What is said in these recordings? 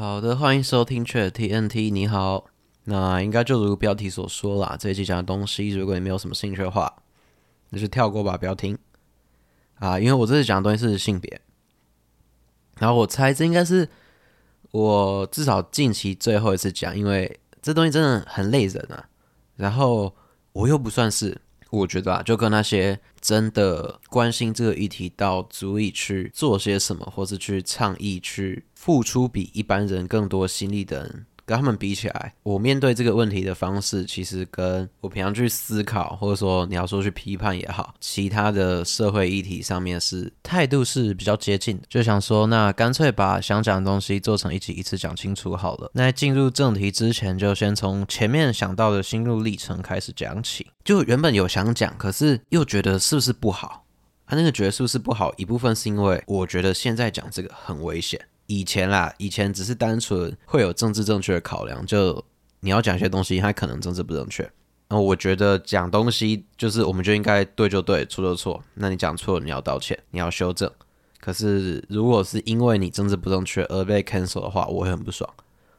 好的，歡迎收聽雀 TNT，你好，那、呃、應該就如標題所說啦。這一期講的東西，如果你沒有什麼興趣的話，那就跳過吧，不要聽啊、呃。因為我這次講的東西是性別，然後我猜這應該是我至少近期最後一次講，因為這東西真的很累人啊。然後我又不算是。我覺得啊，就跟那些真的關心這個議題到足以去做些什麼，或是去倡議、去付出比一般人更多心力的人。跟他們比起來，我面對這個問題的方式，其實跟我平常去思考，或者說你要說去批判也好，其他的社會議題上面是態度是比較接近。就想說，那乾脆把想講的東西做成一集一次講清楚好了。那進入正題之前，就先從前面想到的心路歷程開始講起。就原本有想講，可是又覺得是不是不好？他、啊、那個覺得是不是不好，一部分是因為我覺得現在講這個很危險。以前啦，以前只是單純會有政治正確的考量，就你要講一些東西，它可能政治不正確。然後、呃、我覺得講東西就是我們就應該對就對，錯就錯。那你講錯，你要道歉，你要修正。可是如果是因為你政治不正確而被 cancel 的話，我會很不爽。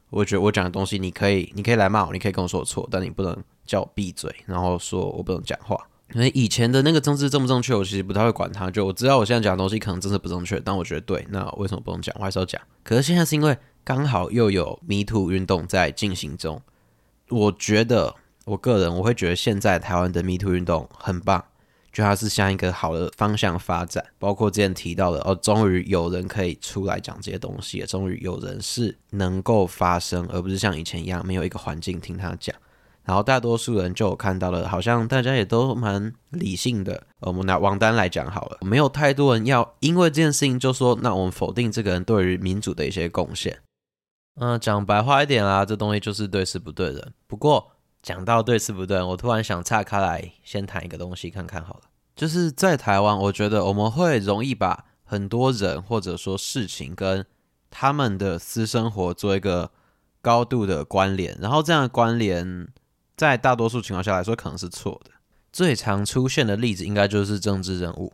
我覺得我講的東西你，你可以你可以來罵我，你可以跟我說我錯，但你不能叫我閉嘴，然後說我不能講話。因為以前的那個政治這麼正不正確，我其實不太會管它，就我知道我現在講的東西可能真的不正確，但我覺得對。那為什麼不能講？我還是要講。可是現在是因為剛好又有 Me Too 運動在進行中，我覺得我個人我會覺得現在台灣的 Me Too 運動很棒，就它是向一個好的方向發展。包括之前提到的哦，終於有人可以出來講這些東西，也終於有人是能夠發聲，而不是像以前一樣沒有一個環境聽他講。然後大多數人就有看到了，好像大家也都蠻理性的。我們拿王丹來講好了，沒有太多人要因為這件事情就說，那我們否定這個人對於民主的一些貢獻。嗯、呃，講白話一點啦，這東西就是對事不對人。不過講到對事不對人，我突然想岔開來，先談一個東西看看好了，就是在台灣，我覺得我們會容易把很多人或者說事情跟他們的私生活做一個高度的關聯，然後這樣的關聯。在大多數情況下來說，可能是錯的。最常出現的例子應該就是政治人物。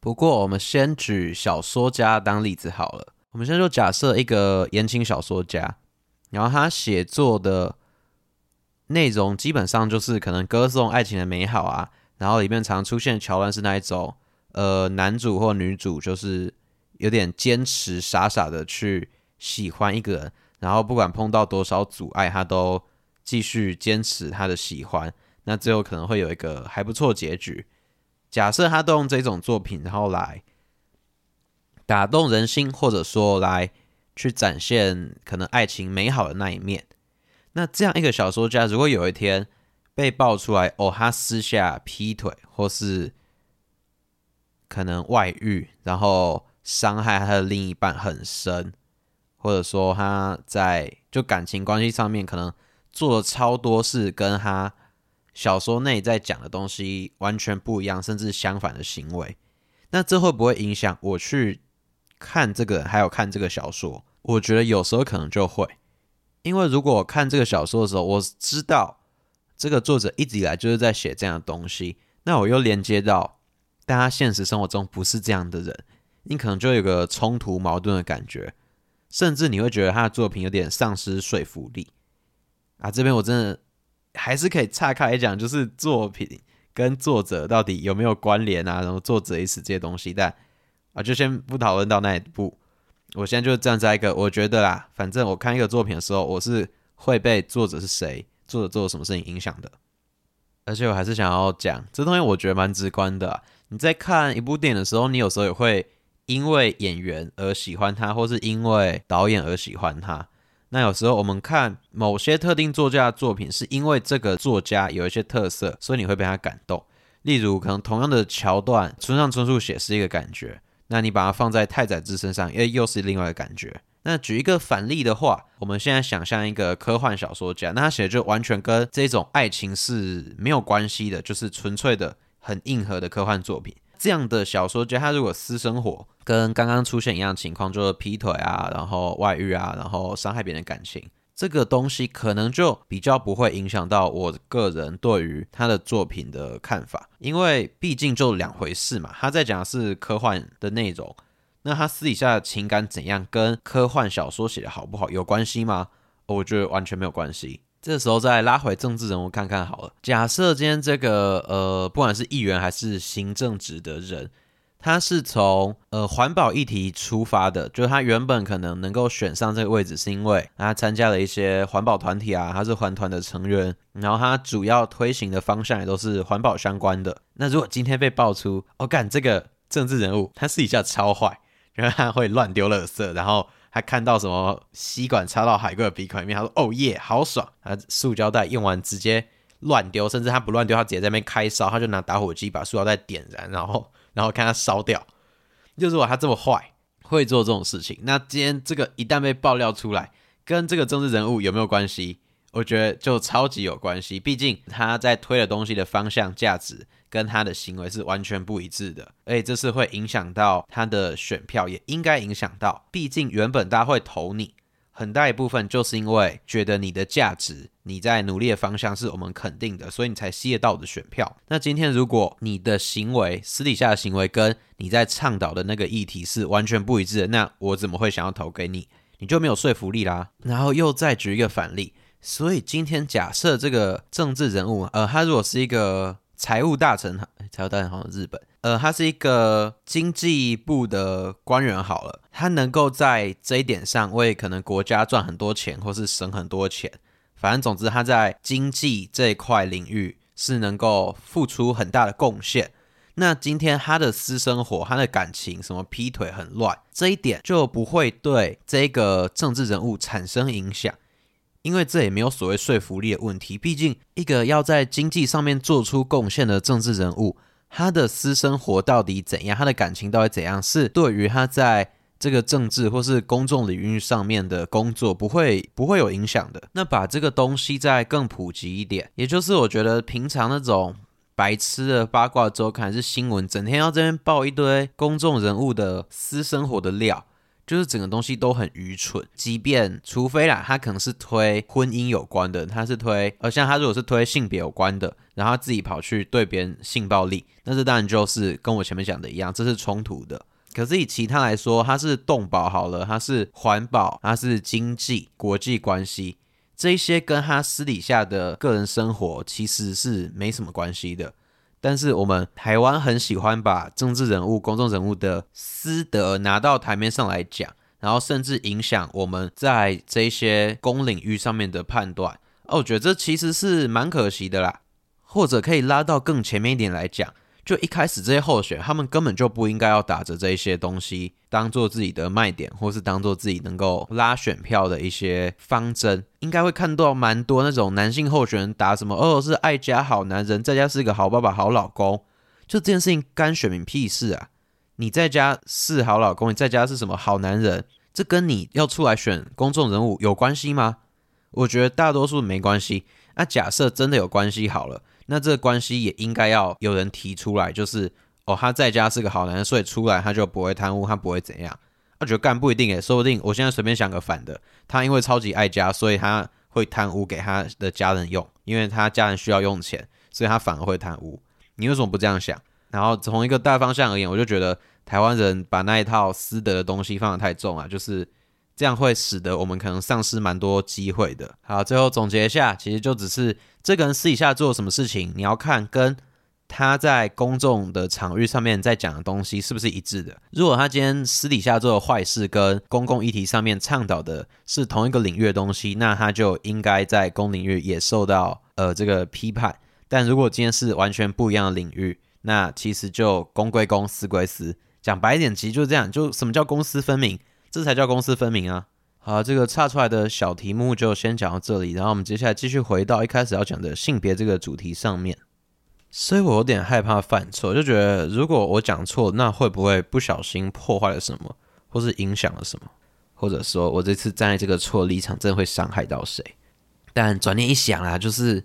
不過，我們先舉小說家當例子好了。我們先就假設一個言情小說家，然後他寫作的內容基本上就是可能歌頌愛情的美好啊。然後裡面常出現的橋段是那一種，呃，男主或女主就是有點堅持傻傻的去喜歡一個人，然後不管碰到多少阻礙，他都繼續堅持他的喜歡，那最後可能會有一個還不錯結局。假設他都用這種作品，然後來打動人心，或者說來去展現可能愛情美好的那一面。那這樣一個小說家，如果有一天被爆出來，哦，他私下劈腿，或是可能外遇，然後傷害他的另一半很深，或者說他在就感情關係上面可能，做了超多事，跟他小說內在講的東西完全不一樣，甚至相反的行為，那這會不會影響我去看這個，還有看這個小說？我覺得有時候可能就會，因為如果我看這個小說的時候，我知道這個作者一直以來就是在寫這樣的東西，那我又連接到大家現實生活中不是這樣的人，你可能就有個衝突矛盾的感覺，甚至你會覺得他的作品有點喪失說服力。啊，這邊我真的還是可以岔開來講，就是作品跟作者到底有沒有關聯啊，然後作者意思這些東西，但啊就先不討論到那一步。我現在就站在一個，我覺得啦，反正我看一個作品的時候，我是會被作者是誰、作者做了什麼事情影響的。而且我還是想要講，這東西我覺得蠻直觀的啊。你在看一部電影的時候，你有時候也會因為演員而喜歡他，或是因為導演而喜歡他。那有時候我們看某些特定作家的作品，是因為這個作家有一些特色，所以你會被他感動。例如，可能同樣的橋段，村上春樹寫是一個感覺，那你把它放在太宰治身上，誒，又是另外一個感覺。那舉一個反例的話，我們現在想象一個科幻小說家，那他寫就完全跟這種愛情是沒有關係的，就是純粹的很硬核的科幻作品。這樣的小說家，他如果私生活跟剛剛出現一樣情況，就是劈腿啊，然後外遇啊，然後傷害別人的感情，這個東西可能就比較不會影響到我個人對於他的作品的看法，因為畢竟就兩回事嘛。他在講的是科幻的內容，那他私底下情感怎樣，跟科幻小說寫的好不好有關係嗎？我覺得完全沒有關係。這時候再拉回政治人物看看好了。假設今天這個呃，不管是議員還是行政職的人，他是從呃環保議題出發的，就是他原本可能能夠選上這個位置，是因為他參加了一些環保團體啊，他是環團的成員，然後他主要推行的方向也都是環保相關的。那如果今天被爆出我、哦、幹這個政治人物他私底下超壞，然後他會亂丟垃圾，然後。他看到什麼吸管插到海龜的鼻孔裡面，他說：“哦耶，好爽！”他塑膠袋用完直接亂丟，甚至他不亂丟，他直接在那邊開燒，他就拿打火機把塑膠袋點燃，然後然後看他燒掉。就是如果他這麼壞，會做這種事情。那今天這個一旦被爆料出來，跟這個政治人物有沒有關係？我覺得就超級有關係，畢竟他在推的東西的方向、價值跟他的行為是完全不一致的，誒，這是會影響到他的選票，也應該影響到。畢竟原本大家會投你很大一部分，就是因為覺得你的價值、你在努力的方向是我們肯定的，所以你才吸得到我的選票。那今天如果你的行為私底下的行為跟你在倡導的那個議題是完全不一致的，那我怎麼會想要投給你？你就沒有說服力啦。然後又再舉一個反例。所以今天假設這個政治人物，呃，他如果是一個財務大臣，財務大臣好像日本，呃，他是一個經濟部的官員好了，他能夠在這一點上為可能國家賺很多錢，或是省很多錢，反正總之他在經濟這一塊領域是能夠付出很大的貢獻。那今天他的私生活，他的感情，什麼劈腿很亂，這一點就不會對這個政治人物產生影響。因為這也沒有所謂說服力的問題，畢竟一個要在經濟上面做出貢獻的政治人物，他的私生活到底怎樣，他的感情到底怎樣，是對於他在這個政治或是公眾領域上面的工作不會不會有影響的。那把這個東西再更普及一點，也就是我覺得平常那種白痴的八卦周刊，還是新聞，整天要這邊爆一堆公眾人物的私生活的料。就是整個東西都很愚蠢，即便除非啦，他可能是推婚姻有關的，他是推，而像他如果是推性別有關的，然後他自己跑去對別人性暴力，但是當然就是跟我前面講的一樣，這是衝突的。可是以其他來說，他是動保好了，他是環保，他是經濟、國際關係，這一些跟他私底下的個人生活其實是沒什麼關係的。但是我們台灣很喜歡把政治人物、公眾人物的私德拿到台面上來講，然後甚至影響我們在這些公領域上面的判斷。哦，我覺得這其實是蠻可惜的啦。或者可以拉到更前面一點來講。就一開始這些候選，他們根本就不應該要打着這一些東西當做自己的賣點，或是當做自己能夠拉選票的一些方針，應該會看到蠻多那種男性候選人打什麼，哦，是愛家好男人，在家是一個好爸爸、好老公，就這件事情干選民屁事啊！你在家是好老公，你在家是什麼好男人？這跟你要出來選公眾人物有關係嗎？我覺得大多數沒關係。那假設真的有關係好了。那這個關係也應該要有人提出來，就是哦，他在家是個好男人，所以出來他就不會貪污，他不會怎樣。他覺得幹不一定誒，說不定我現在隨便想個反的，他因為超級愛家，所以他會貪污給他的家人用，因為他家人需要用錢，所以他反而會貪污。你為什麼不這樣想？然後從一個大方向而言，我就覺得台灣人把那一套私德的東西放得太重啊，就是。這樣會使得我們可能喪失蠻多機會的。好，最後總結一下，其實就只是這個人私底下做了什麼事情，你要看跟他在公眾的場域上面在講的東西是不是一致的。如果他今天私底下做的壞事跟公共議題上面倡導的是同一個領域的東西，那他就應該在公領域也受到呃這個批判。但如果今天是完全不一樣的領域，那其實就公歸公，私歸私。講白一點，其實就是這樣，就什麼叫公私分明？這才叫公私分明啊！好，這個岔出來的小題目就先講到這裡，然後我們接下來繼續回到一開始要講的性別這個主題上面。所以我有點害怕犯錯，就覺得如果我講錯，那會不會不小心破壞了什麼，或是影響了什麼，或者說我這次站在這個錯立場，真的會傷害到誰？但轉念一想啊，就是。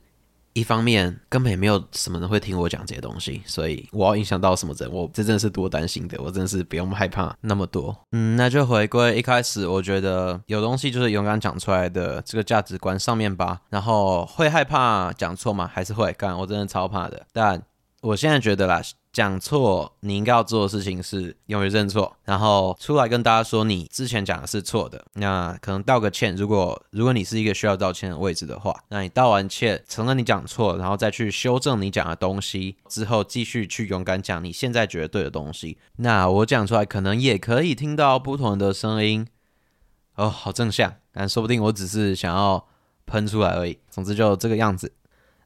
一方面根本也沒有什麼人會聽我講這些東西，所以我要影響到什麼人，我這真的是多擔心的，我真的是不用害怕那麼多。嗯，那就回歸一開始，我覺得有東西就是勇敢講出來的這個價值觀上面吧。然後會害怕講錯嗎？還是會？幹。我真的超怕的。但我現在覺得啦，講錯你應該要做的事情是勇於認錯，然後出來跟大家說你之前講的是錯的。那可能道個歉，如果如果你是一個需要道歉的位置的話，那你道完歉，承認你講錯，然後再去修正你講的東西之後，繼續去勇敢講你現在覺得對的東西。那我講出來可能也可以聽到不同的聲音。哦，好正向，但說不定我只是想要噴出來而已。總之就這個樣子。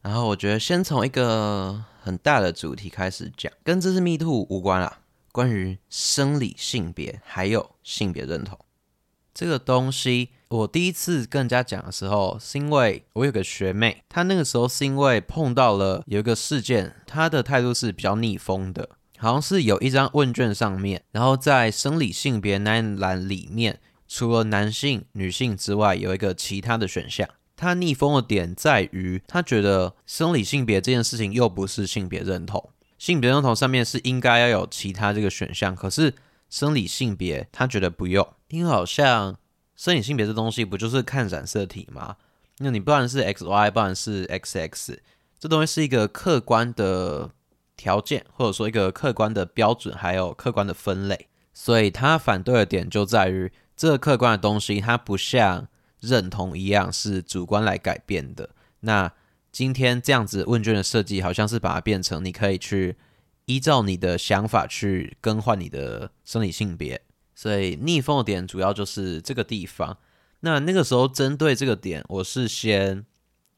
然後我覺得先從一個。很大的主題開始講，跟這只 MeToo 無關了。關於生理性別還有性別認同這個東西，我第一次跟人家講的時候，是因為我有個學妹，她那個時候是因為碰到了有一個事件，她的態度是比較逆風的，好像是有一張問卷上面，然後在生理性別那一欄裡面，除了男性、女性之外，有一個其他的選項。他逆風的點在於，他覺得生理性別這件事情又不是性別認同，性別認同上面是應該要有其他這個選項，可是生理性別他覺得不用，因為好像生理性別這東西不就是看染色體嗎？那你不然是 XY，不然是 XX，這東西是一個客觀的條件，或者說一個客觀的標準，還有客觀的分類，所以他反對的點就在於這個客觀的東西，它不像。認同一樣是主觀來改變的。那今天這樣子問卷的設計，好像是把它變成你可以去依照你的想法去更換你的生理性別。所以逆風的點主要就是這個地方。那那個時候針對這個點，我是先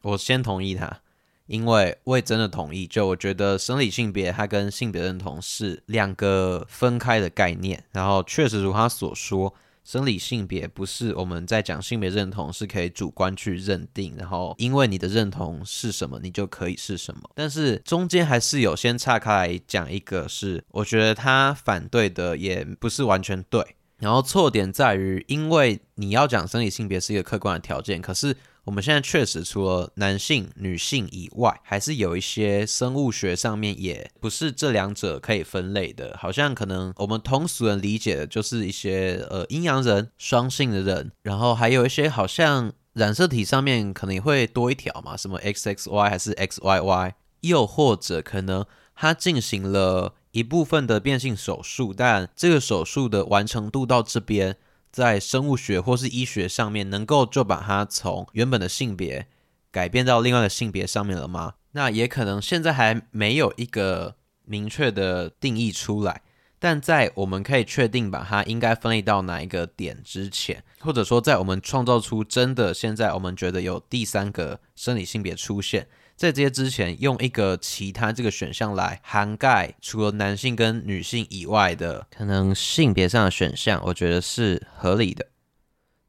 我先同意他，因為我也真的同意。就我覺得生理性別它跟性別認同是兩個分開的概念。然後確實如他所說。生理性別不是我們在講，性別認同是可以主觀去認定，然後因為你的認同是什麼，你就可以是什麼。但是中間還是有先岔開來講一個，是我覺得他反對的也不是完全對，然後錯點在於，因為你要講生理性別是一個客觀的條件，可是。我們現在確實除了男性、女性以外，還是有一些生物學上面也不是這兩者可以分類的。好像可能我們通俗的理解的就是一些呃陰陽人、雙性的人，然後還有一些好像染色體上面可能也會多一條嘛，什麼 XXY 還是 XYY，又或者可能他進行了一部分的變性手術，但這個手術的完成度到這邊。在生物學或是醫學上面，能夠就把它從原本的性別改變到另外的性別上面了嗎？那也可能現在還沒有一個明確的定義出來。但在我們可以確定把它應該分類到哪一個點之前，或者說在我們創造出真的現在我們覺得有第三個生理性別出現。在這些之前，用一個其他這個選項來涵蓋除了男性跟女性以外的可能性別上的選項，我覺得是合理的。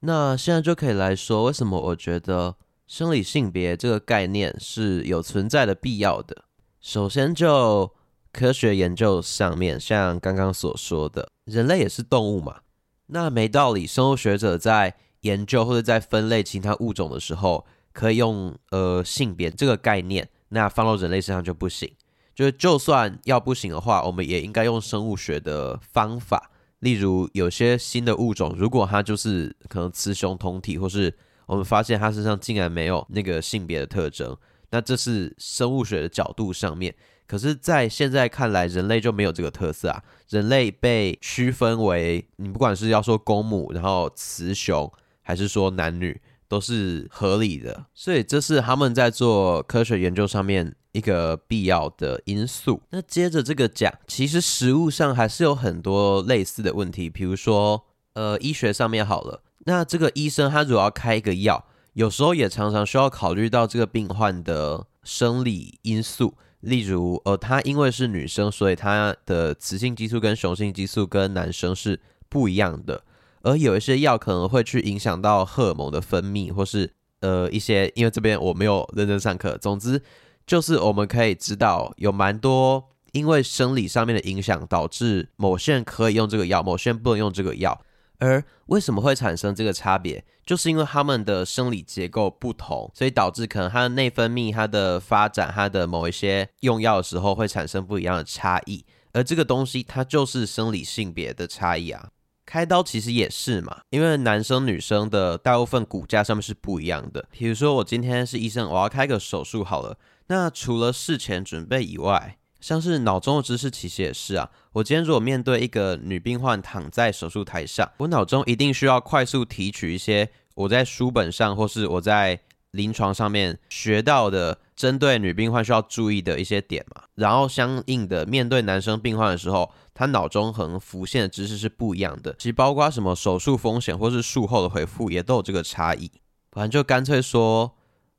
那現在就可以來說，為什麼我覺得生理性別這個概念，是有存在的必要的。首先，就科學研究上面，像剛剛所說的人類也是動物嘛，那沒道理，生物學者在研究或者在分類其他物種的時候。可以用呃性別這個概念，那放到人類身上就不行。就是就算要不行的話，我們也應該用生物學的方法。例如，有些新的物種，如果它就是可能雌雄同體，或是我們發現它身上竟然沒有那個性別的特徵，那這是生物學的角度上面。可是，在現在看來，人類就沒有這個特色啊。人類被區分為，你不管是要說公母，然後雌雄，還是說男女，都是合理的，所以這是他們在做科學研究上面一個必要的因素。那接着這個講，其實實務上還是有很多類似的問題，比如說，呃，醫學上面好了，那這個醫生他如果要開一個藥，有時候也常常需要考慮到這個病患的生理因素，例如，呃，他因為是女生，所以他的雌性激素跟雄性激素跟男生是不一樣的。而有一些藥可能會去影響到荷爾蒙的分泌，或是呃一些，因為這邊我沒有認真上課。總之，就是我們可以知道有蠻多因為生理上面的影響，導致某些人可以用這個藥，某些人不能用這個藥。而為什麼會產生這個差別？就是因為他們的生理結構不同，所以導致可能他的內分泌、他的發展、他的某一些用藥的時候會產生不一樣的差異。而這個東西，它就是生理性別的差異啊。開刀其實也是嘛，因為男生女生的大部分骨架上面是不一樣的。比如說，我今天是醫生，我要開個手術好了。那除了事前準備以外，像是腦中的知識其實也是啊。我今天如果面對一個女病患躺在手術台上，我腦中一定需要快速提取一些我在書本上或是我在。臨床上面學到的，針對女病患需要注意的一些點嘛，然後相應的面對男生病患的時候，他腦中很浮現的知識是不一樣的，其實包括什麼手術風險或是術後的恢復，也都有這個差異。反正就乾脆說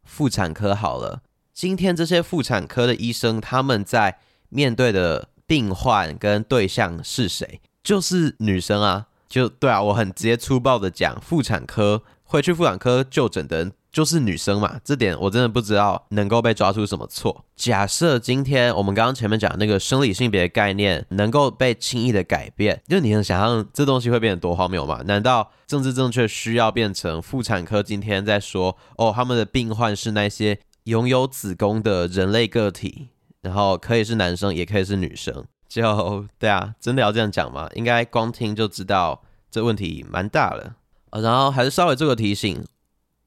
婦產科好了。今天這些婦產科的醫生，他們在面對的病患跟對象是誰？就是女生啊，就對啊，我很直接粗暴的講，婦產科會去婦產科就診的人。就是女生嘛，這點我真的不知道能夠被抓出什麼錯。假設今天我們剛剛前面講的那個生理性別的概念能夠被輕易的改變，就你能想象這東西會變得多荒謬嗎？難道政治正確需要變成婦產科今天在說，哦，他們的病患是那些擁有子宮的人類個體，然後可以是男生也可以是女生？就對啊，真的要這樣講嗎？應該光聽就知道這問題蠻大了。呃、哦，然後還是稍微做個提醒。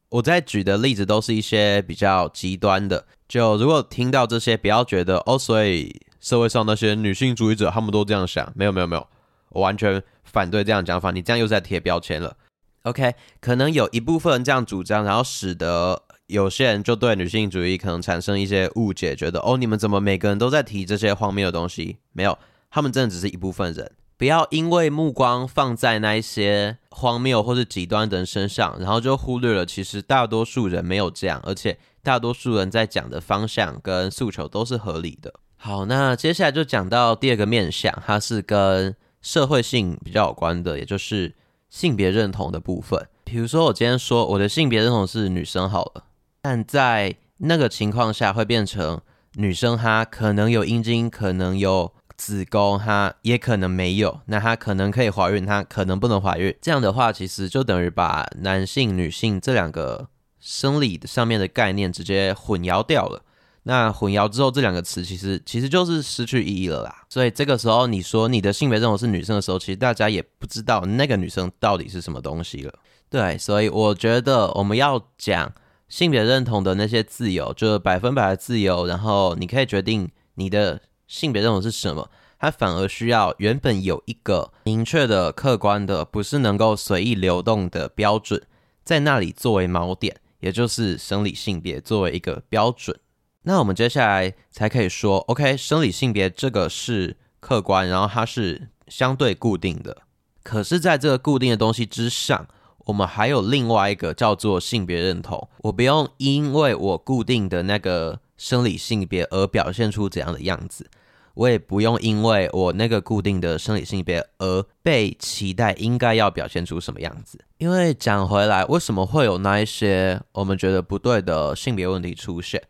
我在舉的例子都是一些比較極端的，就如果聽到這些，不要覺得哦，所以社會上那些女性主義者他們都這樣想，沒有沒有沒有，我完全反對這樣講法，你這樣又在貼標籤了。OK，可能有一部分人這樣主張，然後使得有些人就對女性主義可能產生一些誤解，覺得哦，你們怎麼每個人都在提這些荒謬的東西？沒有，他們真的只是一部分人。不要因為目光放在那一些荒謬或者極端的人身上，然後就忽略了其實大多數人沒有這樣，而且大多數人在講的方向跟訴求都是合理的。好，那接下來就講到第二個面向，它是跟社會性比較有關的，也就是性別認同的部分。比如說我今天說我的性別認同是女生好了，但在那個情況下會變成女生，她可能有陰莖，可能有。子宮，它也可能沒有，那它可能可以懷孕，它可能不能懷孕。這樣的話，其實就等於把男性、女性這兩個生理上面的概念直接混淆掉了。那混淆之後，這兩個詞其實其實就是失去意義了啦。所以這個時候，你說你的性別認同是女生的時候，其實大家也不知道那個女生到底是什麼東西了。對，所以我覺得我們要講性別認同的那些自由，就是百分百的自由，然後你可以決定你的。性別認同是什麼？它反而需要原本有一個明確的、客觀的、不是能夠隨意流動的標準，在那裡作為錨點，也就是生理性別作為一個標準。那我們接下來才可以說，OK，生理性別這個是客觀，然後它是相對固定的。可是，在這個固定的東西之上，我們還有另外一個叫做性別認同。我不用因為我固定的那個。生理性別而表現出怎樣的樣子，我也不用因為我那個固定的生理性別而被期待應該要表現出什麼樣子。因為講回來，為什麼會有那一些我們覺得不對的性別問題出現？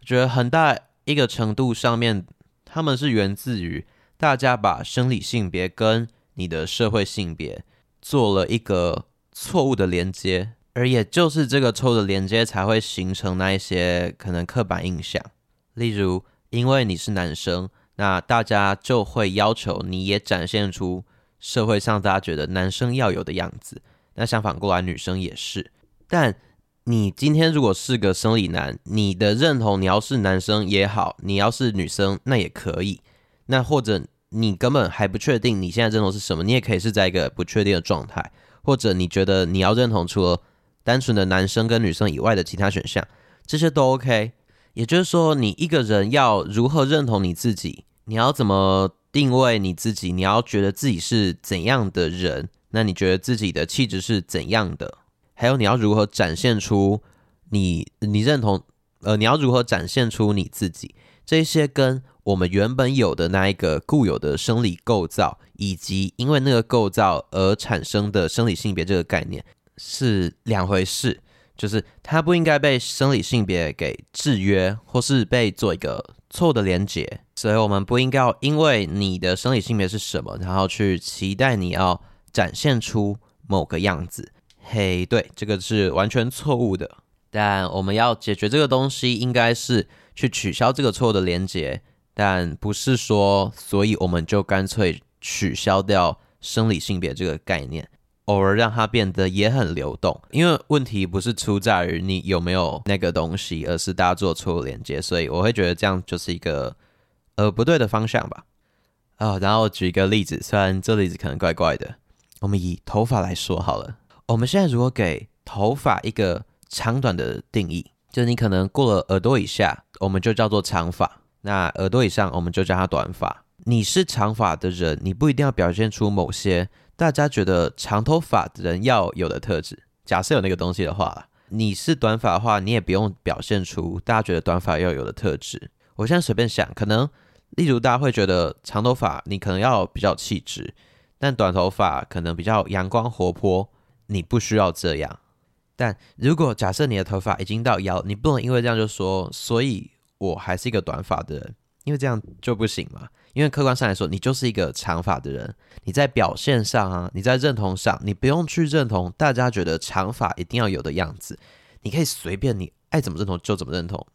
我覺得很大一個程度上面，他們是源自於大家把生理性別跟你的社會性別做了一個錯誤的連接。而也就是這個錯的連接才會形成那一些可能刻板印象。例如因為你是男生，那大家就會要求你也展現出社會上大家覺得男生要有的樣子。那相反過來，女生也是。但你今天如果是個生理男，你的認同，你要是男生也好，你要是女生那也可以。那或者你根本還不確定你現在認同是什麼，你也可以是在一個不確定的狀態，或者你覺得你要認同除了單純的男生跟女生以外的其他選項，這些都 OK。也就是說，你一個人要如何認同你自己？你要怎麼定位你自己？你要覺得自己是怎樣的人？那你覺得自己的氣質是怎樣的？還有，你要如何展現出你？你認同，呃，你要如何展現出你自己？這些跟我們原本有的那一個固有的生理構造，以及因為那個構造而產生的生理性別這個概念。是兩回事，就是它不應該被生理性別給制約，或是被做一個錯誤的連結。所以，我們不應該要因為你的生理性別是什麼，然後去期待你要展現出某個樣子。嘿，對，這個是完全錯誤的。但我們要解決這個東西，應該是去取消這個錯誤的連結，但不是說，所以我們就乾脆取消掉生理性別這個概念。偶爾讓它變得也很流動，因為問題不是出在於你有沒有那個東西，而是大家做錯誤連接，所以我會覺得這樣就是一個呃不對的方向吧。啊、哦，然後舉一個例子，雖然這例子可能怪怪的，我們以頭髮來說好了。我們現在如果給頭髮一個長短的定義，就是你可能過了耳朵以下，我們就叫做長髮；那耳朵以上，我們就叫它短髮。你是長髮的人，你不一定要表現出某些。大家覺得長頭髮的人要有的特質，假設有那個東西的話，你是短髮的話，你也不用表現出大家覺得短髮要有的特質。我現在隨便想，可能例如大家會覺得長頭髮，你可能要比較氣質，但短頭髮可能比較陽光活潑，你不需要這樣。但如果假設你的頭髮已經到腰，你不能因為這樣就說，所以我還是一個短髮的人，因為這樣就不行嘛。因為客觀上來說，你就是一個長髮的人，你在表現上啊，你在認同上，你不用去認同大家覺得長髮一定要有的樣子，你可以隨便你愛怎麼認同就怎麼認同。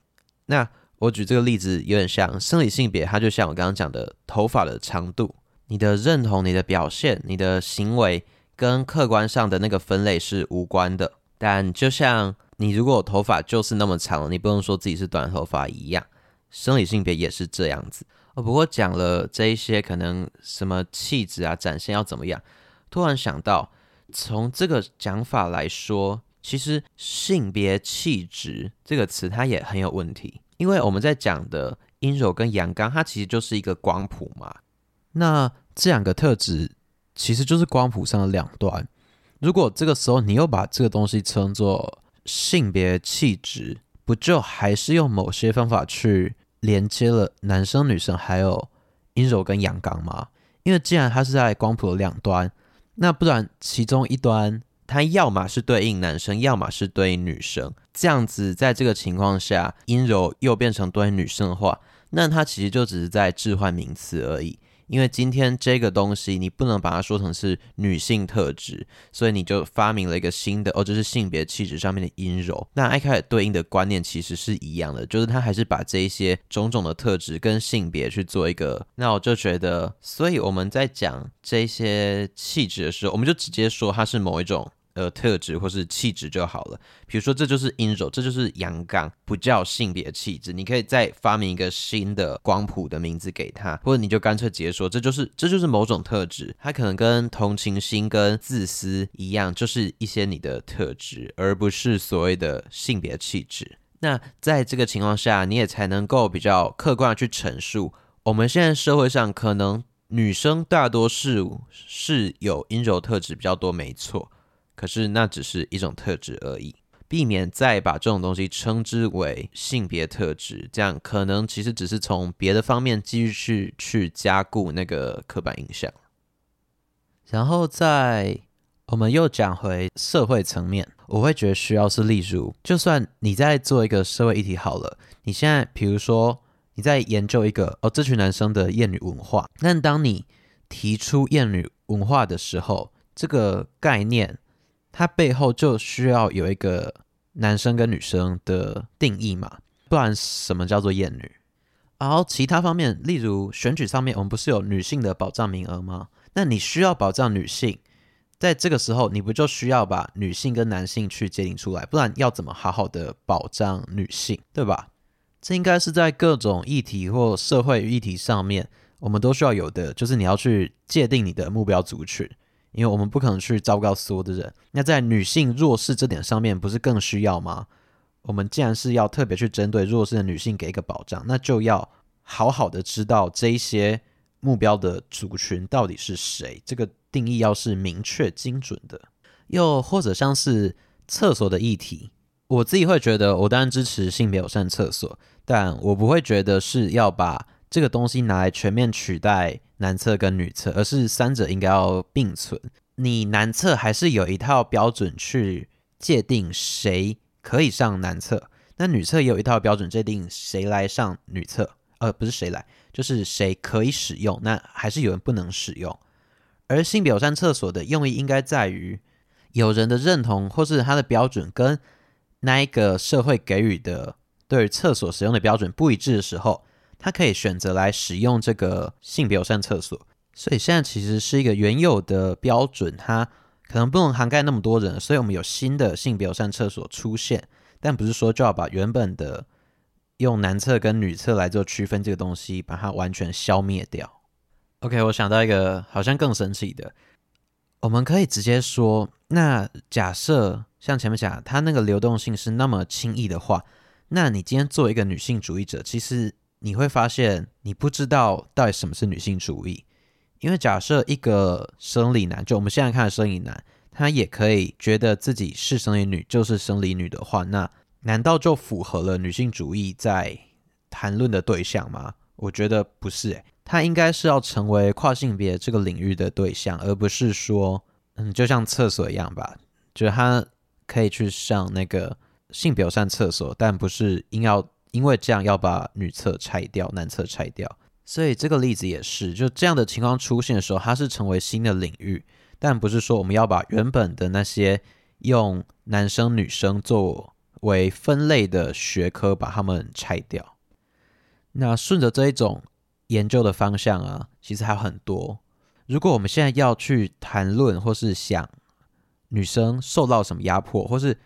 那我舉這個例子有點像生理性別，它就像我剛剛講的頭髮的長度，你的認同、你的表現、你的行為跟客觀上的那個分類是無關的。但就像你如果頭髮就是那麼長了，你不用說自己是短頭髮一樣，生理性別也是這樣子。哦，不過講了這一些可能什麼氣質啊，展現要怎麼樣，突然想到，從這個講法來說，其實性別氣質這個詞它也很有問題，因為我們在講的陰柔跟陽剛，它其實就是一個光譜嘛。那這兩個特質其實就是光譜上的兩端。如果這個時候你又把這個東西稱作性別氣質，不就還是用某些方法去連接了男生、女生，還有陰柔跟陽剛嘛？因為既然它是在光譜的兩端，那不然其中一端，它要麼是對應男生，要麼是對應女生。這樣子，在這個情況下，陰柔又變成對應女生的話，那它其實就只是在置換名詞而已。因為今天這個東西你不能把它說成是女性特質，所以你就發明了一個新的哦，就是性別氣質上面的陰柔。那艾克爾對應的觀念其實是一樣的，就是他還是把這一些種種的特質跟性別去做一個。那我就覺得，所以我們在講這些氣質的時候，我們就直接說它是某一種。的特質或是氣質就好了，比如說，這就是陰柔，這就是陽剛，不叫性別氣質。你可以再發明一個新的光譜的名字給他，或者你就乾脆直接說這就是這就是某種特質，它可能跟同情心跟自私一樣，就是一些你的特質，而不是所謂的性別氣質。那在這個情況下，你也才能夠比較客觀的去陳述，我們現在社會上可能女生大多是是有陰柔特質比較多沒，沒錯。可是那只是一種特質而已，避免再把這種東西稱之為性別特質，這樣可能其實只是從別的方面繼續去去加固那個刻板印象。然後在我們又講回社會層面，我會覺得需要是，例如，就算你在做一個社會議題好了，你現在比如說你在研究一個哦，這群男生的厭女文化，但當你提出厭女文化的時候，這個概念，它背後就需要有一個男生跟女生的定義嘛，不然什麼叫做厭女？然後其他方面，例如選舉上面，我們不是有女性的保障名額嗎？那你需要保障女性，在這個時候你不就需要把女性跟男性去界定出來？不然要怎麼好好的保障女性，對吧？這應該是在各種議題或社會議題上面，我們都需要有的，就是你要去界定你的目標族群。因為我們不可能去照顧所有的人，那在女性弱勢這點上面，不是更需要嗎？我們既然是要特別去針對弱勢的女性給一個保障，那就要好好的知道這一些目標的族群到底是誰，這個定義要是明確精準的。又或者像是廁所的議題，我自己會覺得，我當然支持性別友善廁所，但我不會覺得是要把這個東西拿來全面取代。男廁跟女廁，而是三者應該要並存。你男廁還是有一套標準去界定誰可以上男廁，那女廁也有一套標準界定誰來上女廁。呃，不是誰來，就是誰可以使用。那還是有人不能使用。而性別友善廁所的用意應該在於，有人的認同或是他的標準跟那一個社會給予的對於廁所使用的標準不一致的時候，他可以選擇來使用這個性別友善廁所，所以現在其實是一個原有的標準，它可能不能涵蓋那麼多人，所以我們有新的性別友善廁所出現，但不是說就要把原本的用男廁跟女廁來做區分這個東西，把它完全消滅掉。OK，我想到一個好像更神奇的，我們可以直接說，那假設像前面講，它那個流動性是那麼輕易的話，那你今天做一個女性主義者，其實，你會發現，你不知道到底什麼是女性主義，因為假設一個生理男，就我們現在看的生理男，他也可以覺得自己是生理女，就是生理女的話，那難道就符合了女性主義在談論的對象嗎？我覺得不是，欸，哎，他應該是要成為跨性別這個領域的對象，而不是說，嗯，就像廁所一樣吧，就是他可以去上那個性別上廁所，但不是硬要。因為這樣要把女廁拆掉、男廁拆掉，所以這個例子也是，就這樣的情況出現的時候，它是成為新的領域，但不是說我們要把原本的那些用男生女生作為分類的學科把它們拆掉。那順着這一種研究的方向啊，其實還有很多。如果我們現在要去談論或是想女生受到什麼壓迫，或是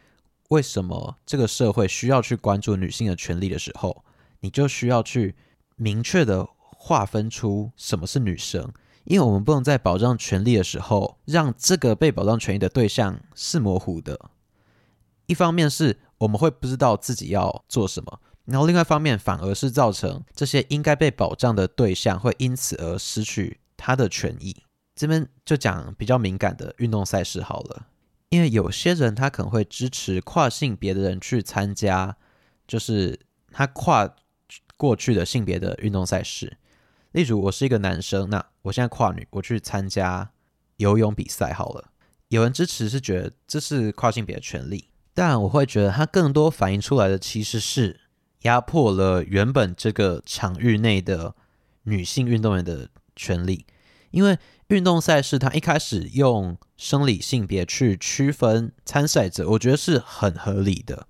為什麼這個社會需要去關注女性的權利的時候，你就需要去明確的劃分出什麼是女生？因為我們不能在保障權利的時候，讓這個被保障權益的對象是模糊的。一方面是我們會不知道自己要做什麼，然後另外一方面反而是造成這些應該被保障的對象會因此而失去他的權益。這邊就講比較敏感的運動賽事好了。因為有些人他可能會支持跨性別的人去參加，就是他跨過去的性別的運動賽事，例如我是一個男生，那我現在跨女，我去參加游泳比賽好了。有人支持是覺得這是跨性別的權利，但我會覺得他更多反映出來的其實是壓迫了原本這個場域內的女性運動員的權利，因為運動賽事，他一開始用生理性別去區分參賽者，我覺得是很合理的。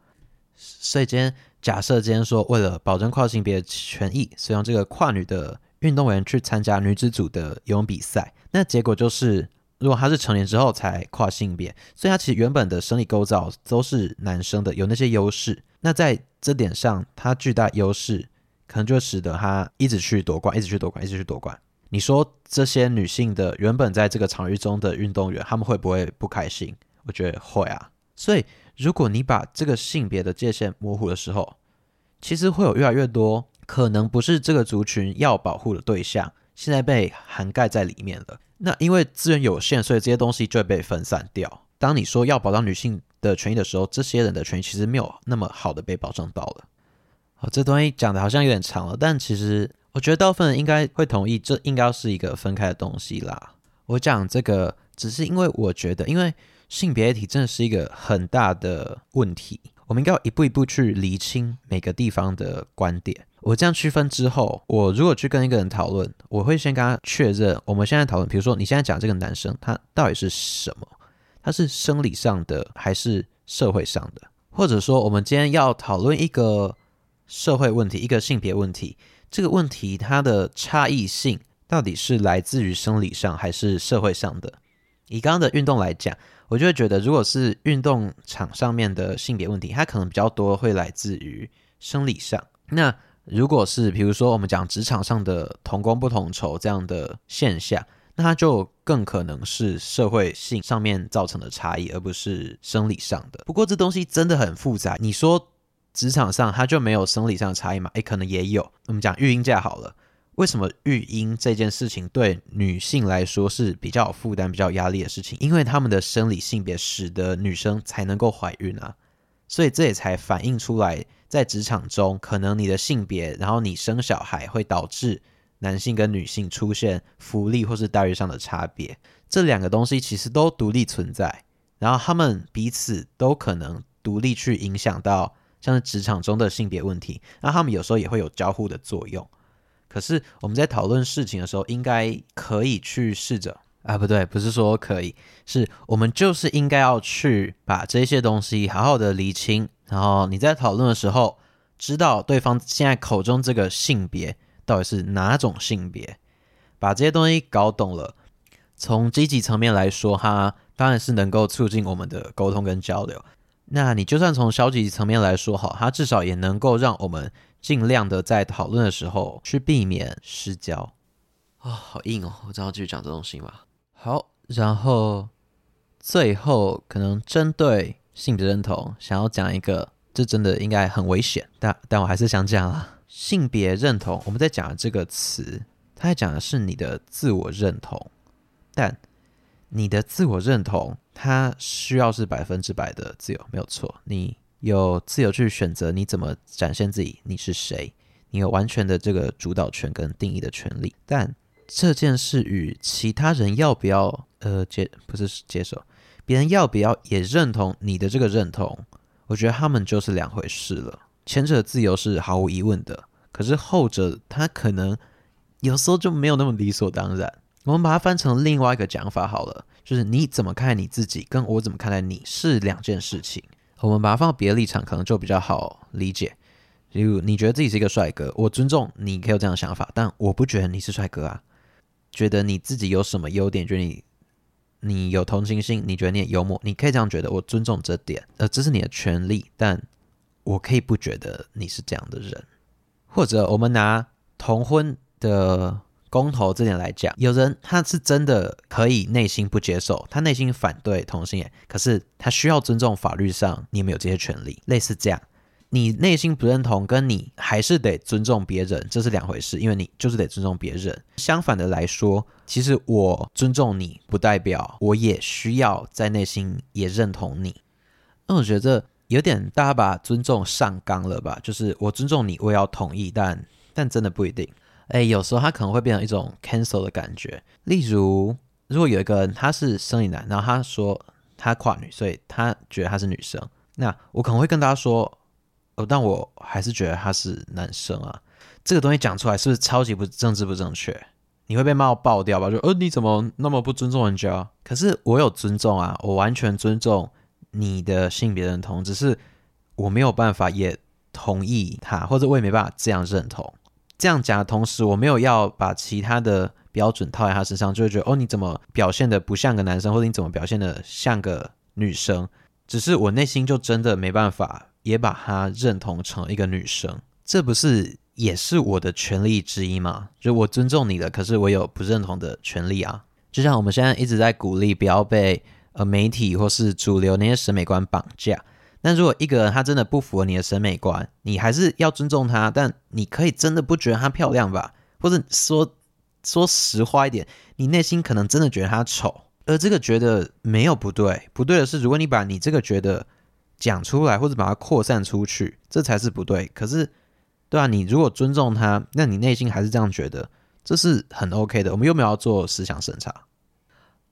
所以今天假設今天說，為了保證跨性別權益，所以讓這個跨女的運動員去參加女子組的游泳比賽，那結果就是，如果他是成年之後才跨性別，所以他其實原本的生理構造都是男生的，有那些優勢。那在這點上，他巨大優勢可能就使得他一直去奪冠，一直去奪冠，一直去奪冠。你說這些女性的原本在這個場域中的運動員，她們會不會不開心？我覺得會啊。所以，如果你把這個性別的界限模糊的時候，其實會有越來越多可能不是這個族群要保護的對象，現在被涵蓋在裡面了。那因為資源有限，所以這些東西就會被分散掉。當你說要保障女性的權益的時候，這些人的權益其實沒有那麼好的被保障到了。好，這東西講的好像有點長了，但其實。我覺得大部分人應該會同意，這應該是一個分開的東西啦。我講這個只是因為我覺得，因為性別議題真的是一個很大的問題，我們應該要一步一步去釐清每個地方的觀點。我這樣區分之後，我如果去跟一個人討論，我會先跟他確認，我們現在討論，比如說你現在講這個男生，他到底是什麼？他是生理上的還是社會上的？或者說，我們今天要討論一個社會問題，一個性別問題。這個問題，它的差異性到底是來自於生理上還是社會上的？以剛剛的運動來講，我就會覺得，如果是運動場上面的性別問題，它可能比較多會來自於生理上。那如果是，比如說我們講職場上的“同工不同酬”這樣的現象，那它就更可能是社會性上面造成的差異，而不是生理上的。不過這東西真的很複雜，你說。職場上，他就沒有生理上的差異嘛？欸，可能也有。我們講育嬰假好了，為什麼育嬰這件事情對女性來說是比較負擔、比較壓力的事情？因為他們的生理性別使得女生才能夠懷孕啊，所以這也才反映出來，在職場中，可能你的性別，然後你生小孩，會導致男性跟女性出現福利或是待遇上的差別。這兩個東西其實都獨立存在，然後他們彼此都可能獨立去影響到。像是職場中的性別問題，那他們有時候也會有交互的作用。可是我們在討論事情的時候，應該可以去試着啊，不對，不是說可以，是我們就是應該要去把這些東西好好的釐清。然後你在討論的時候，知道對方現在口中這個性別到底是哪種性別，把這些東西搞懂了，從積極層面來說，哈，當然是能夠促進我們的溝通跟交流。那你就算從消極層面來說哈，它至少也能夠讓我們盡量的在討論的時候去避免失焦。啊、哦，好硬哦！我還要繼續講這東西嘛。好，然後最後可能針對性別認同，想要講一個，這真的應該很危險，但但我還是想講啦，性別認同，我們在講的這個詞，它在講的是你的自我認同，但你的自我認同。他需要是百分之百的自由，沒有錯。你有自由去選擇你怎麼展現自己，你是誰，你有完全的這個主導權跟定義的權利。但這件事與其他人要不要，呃，接，不是接受，別人要不要也認同你的這個認同，我覺得他們就是兩回事了。前者自由是毫無疑問的，可是後者他可能有時候就沒有那麼理所當然。我們把它翻成另外一個講法好了。就是你怎麼看待你自己，跟我怎麼看待你是兩件事情。我們把它放到別的立場，可能就比較好理解。例如你覺得自己是一個帥哥，我尊重你可以有這樣的想法，但我不覺得你是帥哥啊。覺得你自己有什麼優點？覺得你你有同情心？你覺得你很幽默？你可以這樣覺得，我尊重這點，呃，這是你的權利，但我可以不覺得你是這樣的人。或者我們拿同婚的。公投這點來講，有人他是真的可以內心不接受，他內心反對同性戀，可是他需要尊重法律上你有沒有這些權利。類似這樣，你內心不認同，跟你還是得尊重別人，這是兩回事，因為你就是得尊重別人。相反的來說，其實我尊重你，不代表我也需要在內心也認同你。那我覺得有點大家把尊重上綱了吧？就是我尊重你，我也要同意，但但真的不一定。哎，有時候他可能會變成一種 cancel 的感覺。例如，如果有一個人他是生理男，然後他說他跨女，所以他覺得他是女生。那我可能會跟大家說，呃、哦，但我還是覺得他是男生啊。這個東西講出來是不是超級不政治不正確？你會被罵爆掉吧？就，呃，你怎麼那麼不尊重人家？可是我有尊重啊，我完全尊重你的性別認同，只是我沒有辦法也同意他，或者我也沒辦法這樣認同。這樣講的同時，我沒有要把其他的標準套在他身上，就會覺得哦，你怎麼表現得不像個男生，或者你怎麼表現得像個女生？只是我內心就真的沒辦法，也把他認同成一個女生。這不是也是我的權利之一嗎？就我尊重你的，可是我有不認同的權利啊。就像我們現在一直在鼓勵不要被呃媒體或是主流那些審美觀綁架。但如果一個人他真的不符合你的審美觀，你還是要尊重他，但你可以真的不覺得他漂亮吧？或者說，說實話一點，你內心可能真的覺得他醜，而這個覺得沒有不對，不對的是，如果你把你這個覺得講出來，或者把它擴散出去，這才是不對。可是，對啊？你如果尊重他，那你內心還是這樣覺得，這是很 OK 的。我們又沒有要做思想審查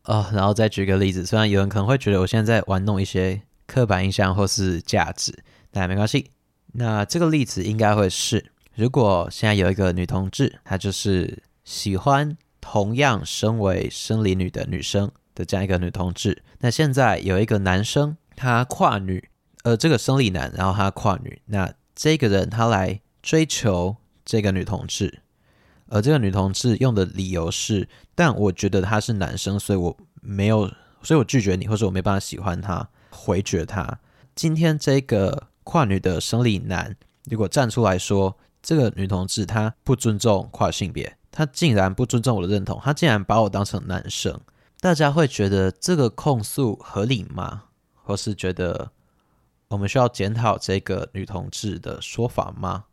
哦。然後再舉個例子，雖然有人可能會覺得我現在在玩弄一些。刻板印象或是價值，那沒關係。那這個例子應該會是：如果現在有一個女同志，她就是喜歡同樣身為生理女的女生的這樣一個女同志。那現在有一個男生，他跨女，而這個生理男，然後他跨女，那這個人他來追求這個女同志，而這個女同志用的理由是：但我覺得他是男生，所以我沒有，所以我拒絕你，或者我沒辦法喜歡他。回絕他。今天這個跨女的生理男，如果站出來說，這個女同志她不尊重跨性別，她竟然不尊重我的認同，她竟然把我當成男生，大家會覺得這個控訴合理嗎？或是覺得我們需要檢討這個女同志的說法嗎？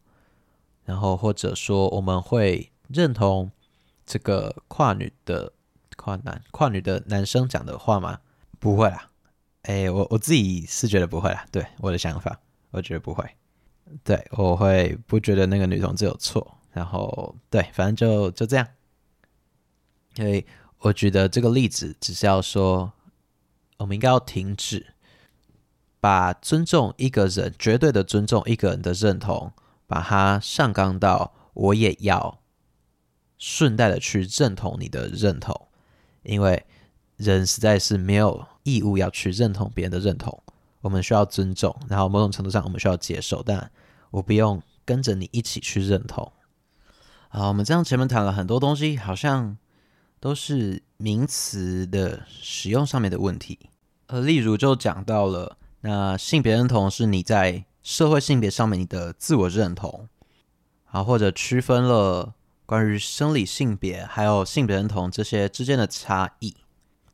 然後或者說，我們會認同這個跨女的跨男跨女的男生講的話嗎？不會啊。誒、欸，我我自己是覺得不會啦，對我的想法，我覺得不會，對，我會不覺得那個女同志有錯，然後對，反正就就這樣。所以，我舉的這個例子，只是要說，我們應該要停止把尊重一個人絕對的尊重一個人的認同，把它上綱到我也要順帶的去認同你的認同，因為人實在是沒有。義務要去認同別人的認同，我們需要尊重，然後某種程度上我們需要接受，但我不用跟着你一起去認同。好，我們這樣前面談了很多東西，好像都是名詞的使用上面的問題。呃，例如就講到了，那性別認同是你在社會性別上面你的自我認同，好，或者區分了關於生理性別還有性別認同這些之間的差異。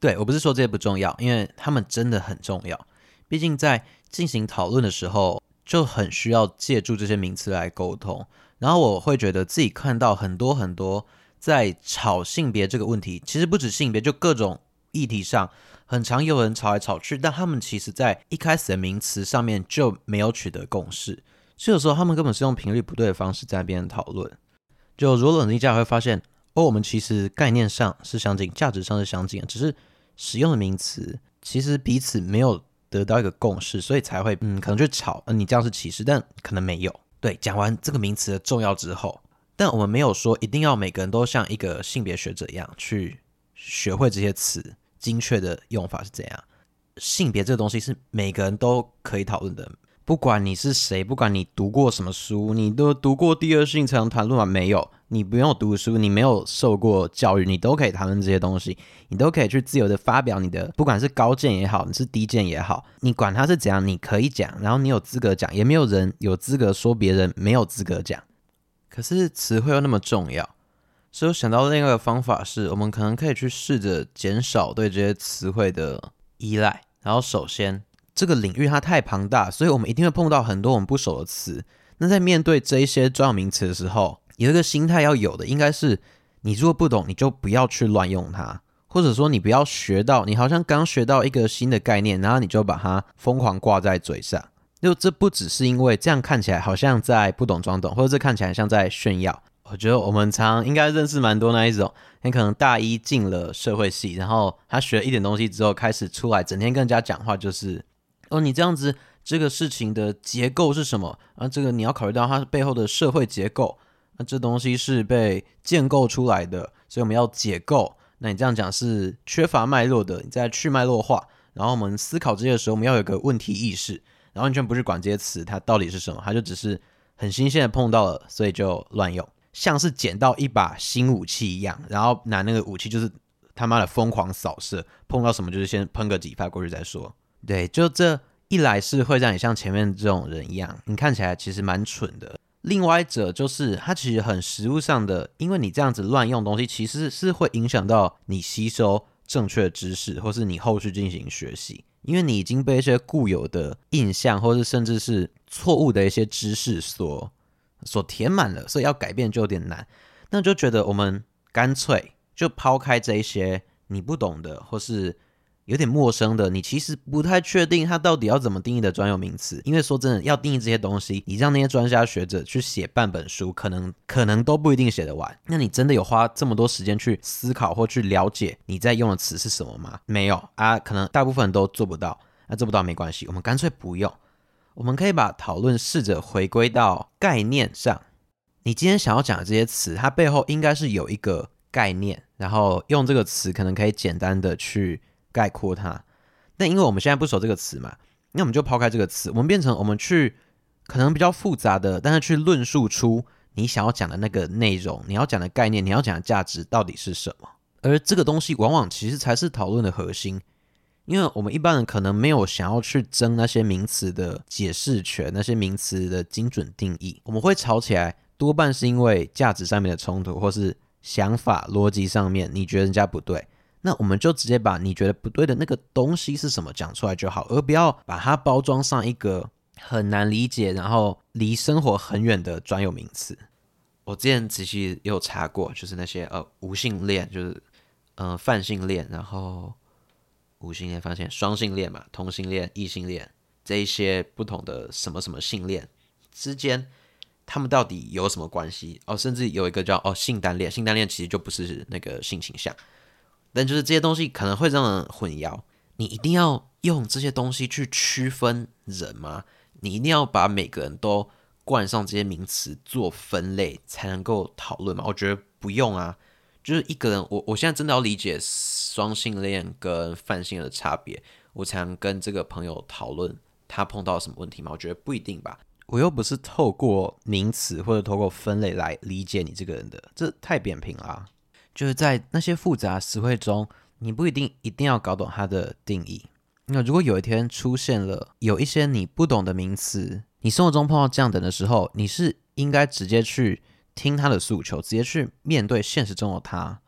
對，我不是說這些不重要，因為他們真的很重要。畢竟在進行討論的時候，就很需要借助這些名詞來溝通。然後我會覺得自己看到很多很多在吵性別這個問題，其實不止性別，就各種議題上，很常有人吵來吵去，但他們其實在一開始的名詞上面就沒有取得共識。所以有時候他們根本是用頻率不對的方式在那邊討論。就如果冷靜一下會發現，哦，我們其實概念上是相近，價值上是相近，只是。使用的名詞其實彼此沒有得到一個共識，所以才會嗯，可能就吵。呃，你這樣是歧視，但可能沒有。對，講完這個名詞的重要之後，但我們沒有說一定要每個人都像一個性別學者一樣去學會這些詞精確的用法是怎樣。性別這個東西是每個人都可以討論的。不管你是誰，不管你讀過什麼書，你都讀過《第二性》才能談論嗎？沒有，你不用讀書，你沒有受過教育，你都可以談論這些東西，你都可以去自由的發表你的，不管是高見也好，你是低見也好，你管它是怎樣，你可以講，然後你有資格講，也沒有人有資格說別人沒有資格講。可是詞彙又那麼重要，所以我想到的那個方法是，我們可能可以去試着減少對這些詞彙的依賴。然後首先。這個領域它太龐大，所以我們一定會碰到很多我們不熟的詞。那在面對這一些專有名詞的時候，有一個心態要有的，應該是你如果不懂，你就不要去亂用它，或者說你不要學到你好像剛學到一個新的概念，然後你就把它瘋狂掛在嘴上。就這不只是因為這樣看起來好像在不懂裝懂，或者這看起來像在炫耀。我覺得我們常應該認識蠻多那一種，你可能大一進了社會系，然後他學了一點東西之後，開始出來整天跟人家講話就是。哦，你這樣子，這個事情的結構是什麼？啊，這個你要考慮到它背後的社會結構。那、啊、這東西是被建構出來的，所以我們要解構。那你這樣講是缺乏脈絡的，你在去脈絡化。然後我們思考這些的時候，我們要有個問題意識，然後完全不去管這些詞它到底是什麼，它就只是很新鮮的碰到了，所以就亂用，像是撿到一把新武器一樣，然後拿那個武器就是他媽的瘋狂掃射，碰到什麼就是先噴個幾發過去再說。對，就這一來是會讓你像前面這種人一樣，你看起來其實蠻蠢的。另外一者就是，他其實很實務上的，因為你這樣子亂用的東西，其實是會影響到你吸收正確的知識，或是你後續進行學習，因為你已經被一些固有的印象，或是甚至是錯誤的一些知識所所填滿了，所以要改變就有點難。那就覺得我們乾脆就拋開這一些你不懂的，或是。有點陌生的，你其實不太確定它到底要怎麼定義的專有名詞，因為說真的，要定義這些東西，你讓那些專家學者去寫半本書，可能可能都不一定寫得完。那你真的有花這麼多時間去思考或去了解你在用的詞是什麼嗎？沒有啊，可能大部分都做不到。那、啊、做不到沒關係，我們乾脆不用。我們可以把討論試着回歸到概念上。你今天想要講的這些詞，它背後應該是有一個概念，然後用這個詞可能可以簡單的去。概括它，但因為我們現在不熟這個詞嘛，那我們就拋開這個詞，我們變成我們去可能比較複雜的，但是去論述出你想要講的那個內容，你要講的概念，你要講的價值到底是什麼？而這個東西往往其實才是討論的核心，因為我們一般人可能沒有想要去爭那些名詞的解釋權，那些名詞的精準定義，我們會吵起來多半是因為價值上面的衝突，或是想法邏輯上面，你覺得人家不對。那我們就直接把你覺得不對的那個東西是什麼講出來就好，而不要把它包裝上一個很難理解，然後離生活很遠的專有名詞。我之前仔細有查過，就是那些呃無性戀，就是嗯泛性戀，然後無性戀、泛性戀、雙性戀嘛，同性戀、異性戀這一些不同的什麼什麼性戀之間，他們到底有什麼關係？哦，甚至有一個叫哦性單戀，性單戀其實就不是那個性傾向。但就是這些東西可能會讓人混淆，你一定要用這些東西去區分人嗎？你一定要把每個人都冠上這些名詞做分類才能夠討論嗎？我覺得不用啊。就是一個人，我我現在真的要理解雙性戀跟泛性的差別。我才能跟這個朋友討論他碰到什麼問題嗎？我覺得不一定吧。我又不是透過名詞或者透過分類來理解你這個人的，這太扁平了啊。就是在那些複雜詞彙中，你不一定一定要搞懂它的定義。那如果有一天出現了有一些你不懂的名詞，你生活中碰到這樣的時候，你是應該直接去聽他的訴求，直接去面對現實中的他。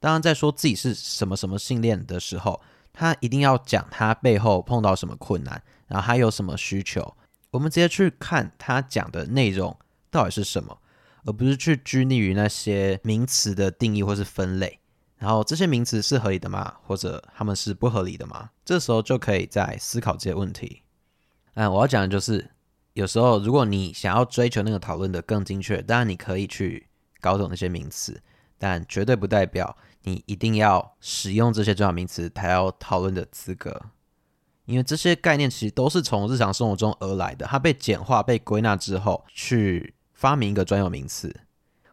當然，在說自己是什麼什麼性戀的時候，他一定要講他背後碰到什麼困難，然後他有什麼需求，我們直接去看他講的內容到底是什麼。而不是去拘泥於那些名詞的定義或是分類，然後這些名詞是合理的嗎？或者他們是不合理的嗎？這時候就可以再思考這些問題。嗯，我要講的就是，有時候如果你想要追求那個討論的更精確，當然你可以去搞懂那些名詞，但絕對不代表你一定要使用這些專有名詞才有討論的資格，因為這些概念其實都是從日常生活中而來的，它被簡化、被歸納之後去。發明一個專有名詞，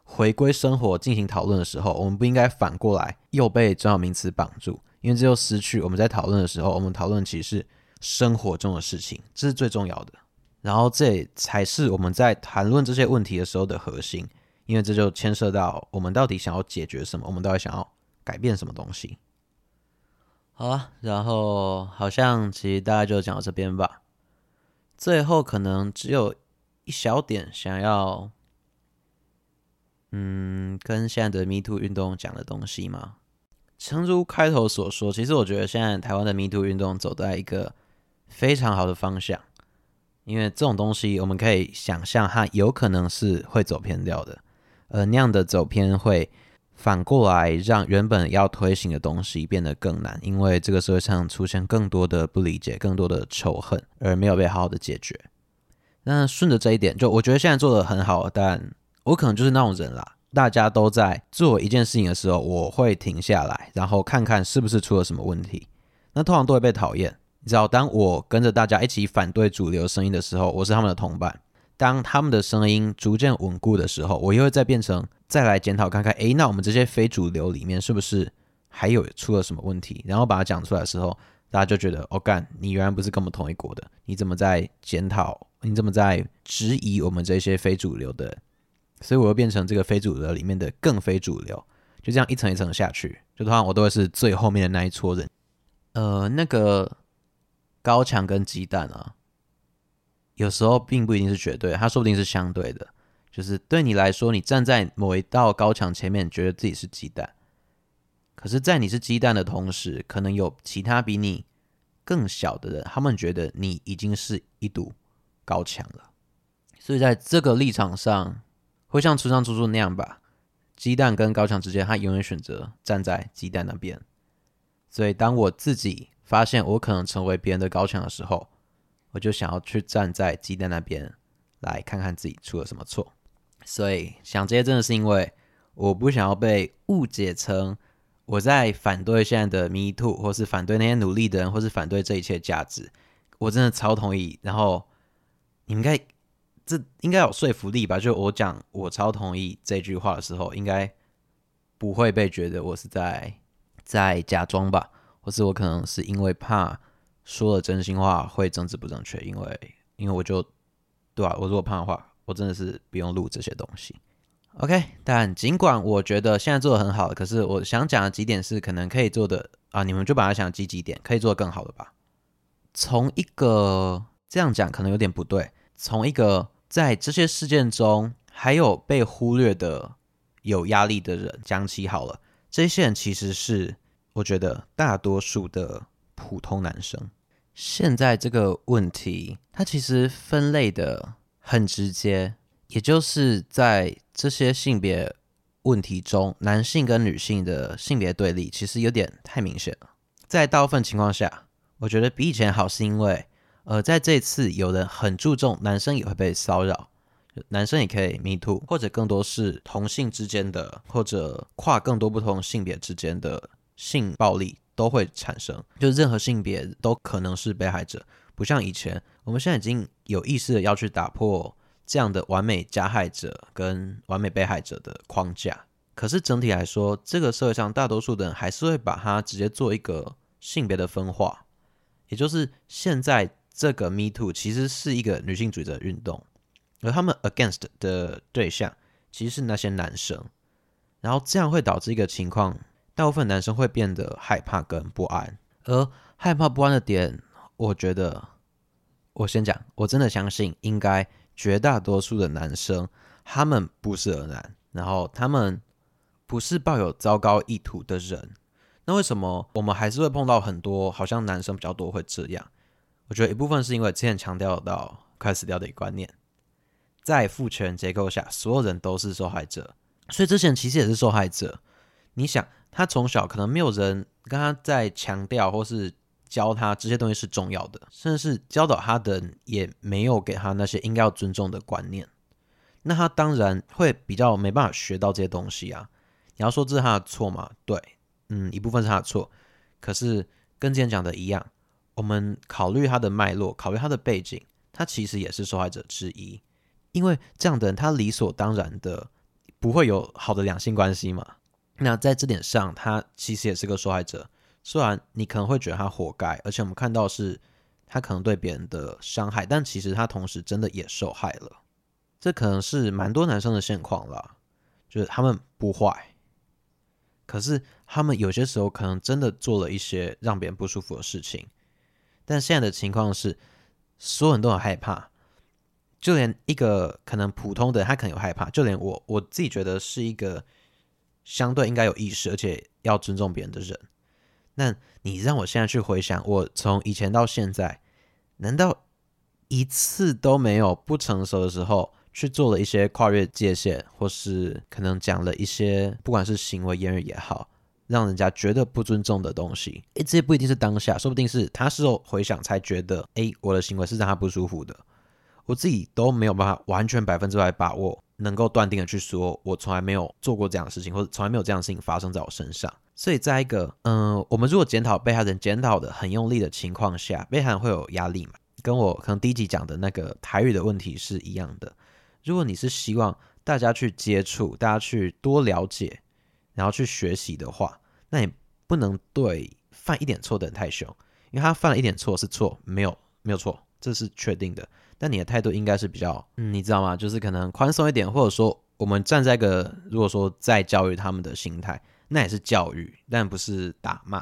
回歸生活進行討論的時候，我們不應該反過來又被專有名詞綁住，因為這就失去我們在討論的時候，我們討論其實生活中的事情，這是最重要的。然後這才是我們在談論這些問題的時候的核心，因為這就牽涉到我們到底想要解決什麼，我們到底想要改變什麼東西。好了，然後好像其實大家就講到這邊吧。最後可能只有。一小點想要，嗯，跟現在的 MeToo 運動講的東西嗎？誠如開頭所說，其實我覺得現在台灣的 MeToo 運動走在一個非常好的方向，因為這種東西我們可以想象它有可能是會走偏掉的，而那樣的走偏會反過來讓原本要推行的東西變得更難，因為這個社會上出現更多的不理解、更多的仇恨，而沒有被好好的解決。那順着這一點，就我覺得現在做得很好，但我可能就是那種人啦。大家都在做一件事情的時候，我會停下來，然後看看是不是出了什麼問題。那通常都會被討厭。你知道，當我跟着大家一起反對主流聲音的時候，我是他們的同伴；當他們的聲音逐漸穩固的時候，我又會再變成再來檢討看看，誒、欸，那我們這些非主流裡面是不是還有出了什麼問題？然後把它講出來的時候，大家就覺得：哦，幹，你原來不是跟我們同一國的，你怎麼在檢討？你怎麼在質疑我們這些非主流的？所以我又變成這個非主流裡面的更非主流，就這樣一層一層下去，就通常我都會是最後面的那一撮人。呃，那個高牆跟雞蛋啊，有時候並不一定是絕對，它說不定是相對的。就是對你來說，你站在某一道高牆前面，覺得自己是雞蛋；可是，在你是雞蛋的同時，可能有其他比你更小的人，他們覺得你已經是一堵，高牆了，所以在這個立場上，會像村上春樹那樣吧？雞蛋跟高牆之間，他永遠選擇站在雞蛋那邊。所以當我自己發現我可能成為別人的高牆的時候，我就想要去站在雞蛋那邊，來看看自己出了什麼錯。所以想這些真的是因為我不想要被誤解成我在反對現在的 me too，或是反對那些努力的人，或是反對這一切價值。我真的超同意，然後。你應該，這應該有說服力吧？就我講，我超同意這句話的時候，應該不會被覺得我是在在假裝吧？或是我可能是因為怕說了真心話會政治不正確？因為因為我就對吧、啊？我如果怕的話，我真的是不用錄這些東西。OK，但儘管我覺得現在做得很好，可是我想講的幾點是可能可以做的啊，你們就把它想積極點，可以做得更好的吧。從一個這樣講，可能有點不對。從一個在這些事件中還有被忽略的有壓力的人講起好了，這些人其實是我覺得大多數的普通男生。現在這個問題它其實分類的很直接，也就是在這些性別問題中，男性跟女性的性別對立其實有點太明顯了。在大部分情況下，我覺得比以前好是因為。而在這次，有人很注重，男生也會被騷擾，男生也可以 me too，或者更多是同性之間的，或者跨更多不同性別之間的性暴力都會產生，就是任何性別都可能是被害者，不像以前，我們現在已經有意識的要去打破這樣的完美加害者跟完美被害者的框架，可是整體來說，這個社會上大多數的人還是會把它直接做一個性別的分化，也就是現在。這個 Me Too 其實是一個女性主義的運動，而他們 against 的對象其實是那些男生，然後這樣會導致一個情況，大部分男生會變得害怕跟不安，而害怕不安的點，我覺得，我先講，我真的相信應該絕大多數的男生，他們不是惡男，然後他們不是抱有糟糕意圖的人，那為什麼我們還是會碰到很多好像男生比較多會這樣？我覺得一部分是因為之前強調到快死掉的一個觀念，在父權結構下，所有人都是受害者，所以之前其實也是受害者。你想，他從小可能沒有人跟他在強調，或是教他這些東西是重要的，甚至是教導他的人也沒有給他那些應該要尊重的觀念，那他當然會比較沒辦法學到這些東西啊。你要說這是他的錯嗎？對，嗯，一部分是他的錯，可是跟之前講的一樣。我們考慮他的脈絡，考慮他的背景，他其實也是受害者之一，因為這樣的人他理所當然的不會有好的兩性關係嘛。那在這點上，他其實也是個受害者。雖然你可能會覺得他活該，而且我們看到是他可能對別人的傷害，但其實他同時真的也受害了。這可能是蠻多男生的現況啦，就是他們不壞，可是他們有些時候可能真的做了一些讓別人不舒服的事情。但現在的情況是，所有人都很害怕，就連一個可能普通的人他可能有害怕，就連我，我自己覺得是一個相對應該有意識而且要尊重別人的人，那你讓我現在去回想，我從以前到現在，難道一次都沒有不成熟的時候去做了一些跨越界限，或是可能講了一些，不管是行為、言語也好。讓人家覺得不尊重的東西，誒這些不一定是當下，說不定是他事後回想才覺得，哎，我的行為是讓他不舒服的。我自己都沒有辦法完全百分之百把握，能夠斷定的去說，我從來沒有做過這樣的事情，或者從來沒有這樣的事情發生在我身上。所以，再一個嗯、呃，我們如果檢討被害人檢討的很用力的情況下，被害人會有壓力嘛？跟我可能第一集講的那個台語的問題是一樣的。如果你是希望大家去接觸，大家去多了解。然後去學習的話，那你不能對犯一點錯的人太兇，因為他犯了一點錯是錯，沒有沒有錯，這是確定的。但你的態度應該是比較、嗯，你知道嗎？就是可能寬鬆一點，或者說我們站在一個，如果說在教育他們的心態，那也是教育，但不是打罵。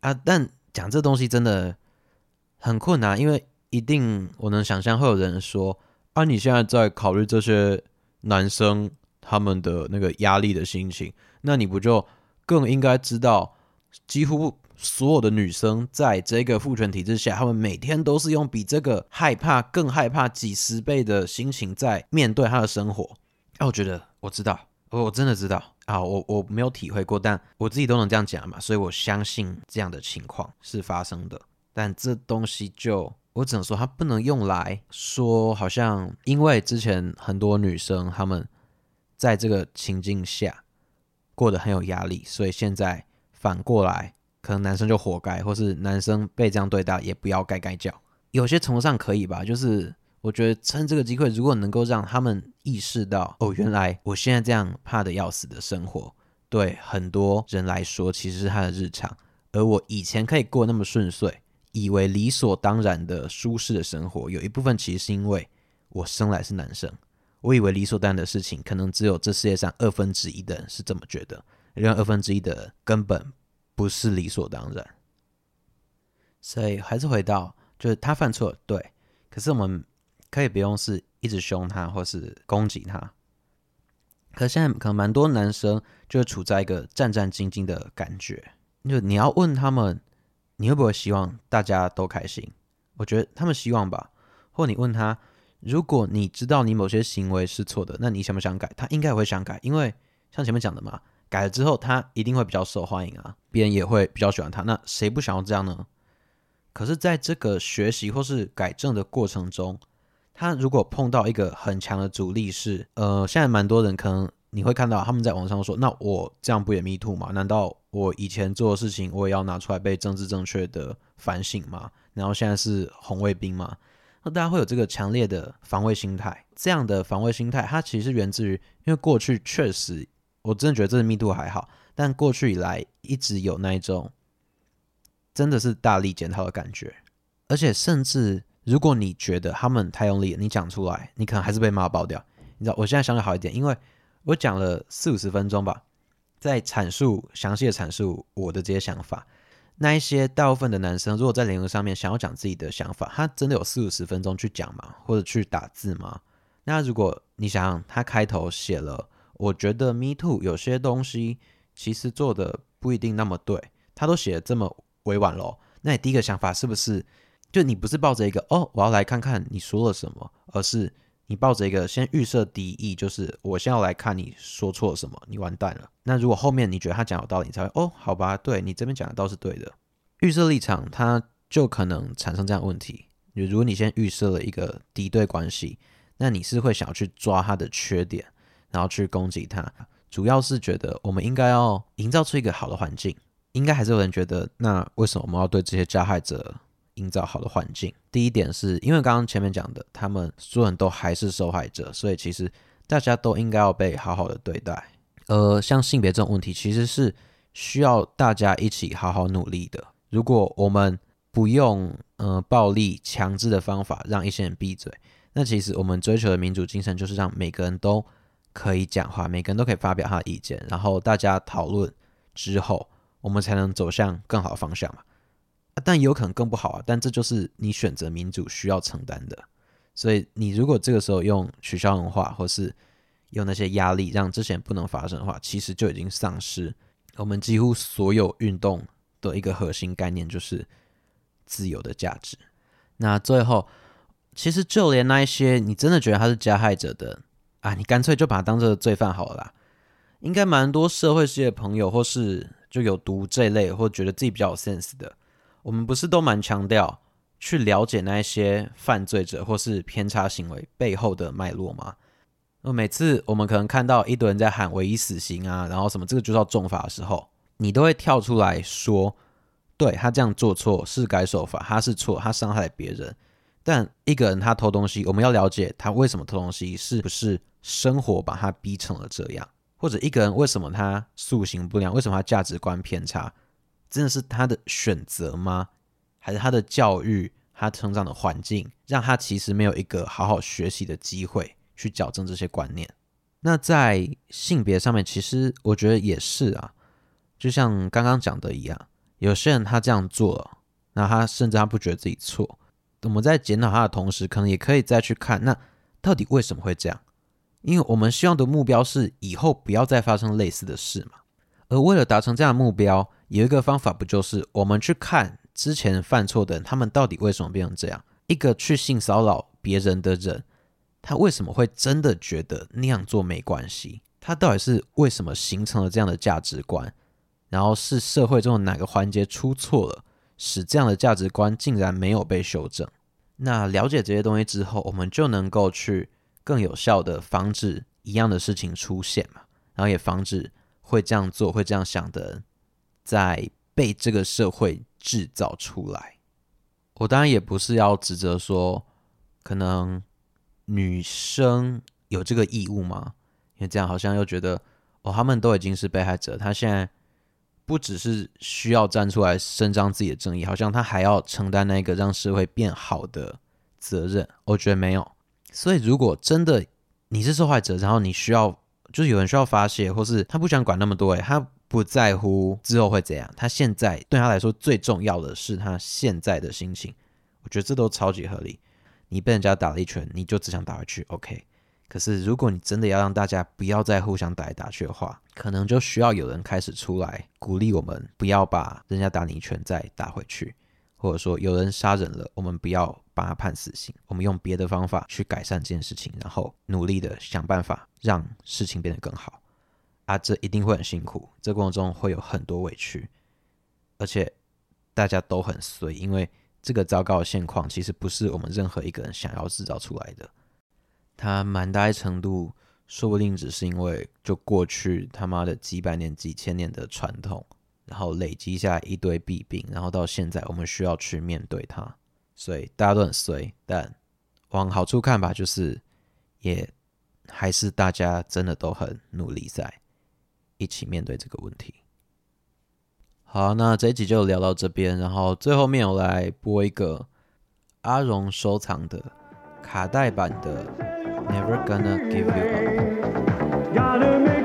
啊，但講這東西真的很困難，因為一定我能想象會有人說啊，你現在在考慮這些男生，他們的那個壓力的心情，那你不就更應該知道，幾乎所有的女生在這個父權體制下，她們每天都是用比這個害怕更害怕幾十倍的心情在面對她的生活。哎、啊，我覺得我知道，我我真的知道啊，我我沒有體會過，但我自己都能這樣講嘛，所以我相信這樣的情況是發生的。但這東西就我只能說，它不能用來說，好像因為之前很多女生她們。在這個情境下過得很有壓力，所以現在反過來，可能男生就活該，或是男生被這樣對待也不要該該叫。有些程度上可以吧，就是我覺得趁這個機會，如果能夠讓他們意識到，哦，原來我現在這樣怕得要死的生活，對很多人來說其實是他的日常。而我以前可以過那麼順遂，以為理所當然的舒適的生活，有一部分其實是因為我生來是男生。我以為理所當然的事情，可能只有這世界上二分之一的人是這麼覺得。另二分之一的根本不是理所當然。所以還是回到，就是他犯錯了，對，可是我們可以不用是一直凶他或是攻擊他。可現在可能蠻多男生就處在一個戰戰兢兢的感覺。就你要問他們，你會不會希望大家都開心？我覺得他們希望吧。或你問他。如果你知道你某些行為是錯的，那你想不想改？他應該會想改，因為像前面講的嘛，改了之後他一定會比較受歡迎啊，別人也會比較喜歡他。那誰不想要這樣呢？可是，在這個學習或是改正的過程中，他如果碰到一個很強的阻力是，是呃，現在蠻多人可能你會看到他們在網上說：“那我這樣不也 MeToo 嗎？難道我以前做的事情我也要拿出來被政治正確的反省嗎？然後現在是紅衛兵嗎？”那大家會有這個強烈的防衛心態，這樣的防衛心態，它其實源自於，因為過去確實，我真的覺得這個密度還好，但過去以來一直有那一種真的是大力檢討的感覺，而且甚至如果你覺得他們太用力了，你講出來，你可能還是被罵爆掉。你知道，我現在想的好一點，因為我講了四五十分鐘吧，在闡述詳細的闡述我的這些想法。那一些大部分的男生，如果在聯絡上面想要講自己的想法，他真的有四五十分鐘去講嗎？或者去打字嗎？那如果你想他開頭寫了，我覺得 me too，有些東西其實做的不一定那麼對，他都寫的這麼委婉咯。那你第一個想法是不是，就你不是抱着一個哦，我要來看看你說了什麼，而是？你抱着一個先預設敵意，就是我先要來看你說錯了什麼，你完蛋了。那如果後面你覺得他講有道理，你才會哦，好吧，對你這邊講的倒是對的。預設立場，它就可能產生這樣的問題。你如果你先預設了一個敵對關係，那你是會想要去抓他的缺點，然後去攻擊他。主要是覺得我們應該要營造出一個好的環境，應該還是有人覺得，那為什麼我們要對這些加害者？營造好的環境。第一點是，因為剛剛前面講的，他們所有人都還是受害者，所以其實大家都應該要被好好的對待。呃，像性別這種問題，其實是需要大家一起好好努力的。如果我們不用呃暴力強制的方法讓一些人閉嘴，那其實我們追求的民主精神就是讓每個人都可以講話，每個人都可以發表他的意見，然後大家討論之後，我們才能走向更好的方向嘛。啊、但有可能更不好啊！但這就是你選擇民主需要承擔的。所以你如果這個時候用取消文化，或是用那些壓力讓之前不能發生的話，其實就已經喪失我們幾乎所有運動的一個核心概念，就是自由的價值。那最後，其實就連那一些你真的覺得他是加害者的啊，你乾脆就把他當做罪犯好了啦。應該蠻多社會系的朋友，或是就有讀這類，或覺得自己比較有 sense 的。我們不是都蠻強調去了解那一些犯罪者或是偏差行為背後的脈絡嗎？那每次我們可能看到一堆人在喊唯一死刑啊，然後什麼這個就要重罰的時候，你都會跳出來說，對，他這樣做錯，是該受罰，他是錯，他傷害別人。但一個人他偷東西，我們要了解他為什麼偷東西，是不是生活把他逼成了這樣？或者一個人為什麼他塑形不良，為什麼他價值觀偏差？真的是他的選擇嗎？還是他的教育、他成長的環境，讓他其實沒有一個好好學習的機會去矯正這些觀念？那在性別上面，其實我覺得也是啊，就像剛剛講的一樣，有些人他這樣做了，那他甚至他不覺得自己錯。我們在檢討他的同時，可能也可以再去看，那到底為什麼會這樣？因為我們希望的目標是以後不要再發生類似的事嘛。而為了達成這樣的目標，有一個方法，不就是我們去看之前犯錯的人，他們到底為什麼變成這樣？一個去性騷擾別人的人，他為什麼會真的覺得那樣做沒關係？他到底是為什麼形成了這樣的價值觀？然後是社會中的哪個環節出錯了，使這樣的價值觀竟然沒有被修正？那了解這些東西之後，我們就能夠去更有效的防止一樣的事情出現嘛，然後也防止會這樣做、會這樣想的人。在被這個社會制造出來，我當然也不是要指責說，可能女生有這個義務嗎？因為這樣好像又覺得哦，他們都已經是被害者，他現在不只是需要站出來伸張自己的正義，好像他還要承擔那個讓社會變好的責任。我覺得沒有，所以如果真的你是受害者，然後你需要就是有人需要發洩，或是他不想管那麼多，哎，他。不在乎之後會怎樣，他現在對他來說最重要的是他現在的心情。我覺得這都超級合理。你被人家打了一拳，你就只想打回去，OK。可是如果你真的要讓大家不要再互相打來打去的話，可能就需要有人開始出來鼓勵我們，不要把人家打你一拳再打回去，或者說有人殺人了，我們不要把他判死刑，我們用別的方法去改善這件事情，然後努力的想辦法讓事情變得更好。這一定會很辛苦，這過程中會有很多委屈，而且大家都很衰，因為這個糟糕的現況其實不是我們任何一個人想要制造出來的。他蠻大一程度，說不定只是因為就過去他媽的幾百年、幾千年的傳統，然後累積下一堆弊病，然後到現在我們需要去面對它。所以大家都很衰，但往好處看吧，就是也還是大家真的都很努力在，一起面對這個問題。好，那這一集就聊到這邊，然後最後面我來播一個阿榮收藏的卡帶版的《Never Gonna Give You Up》。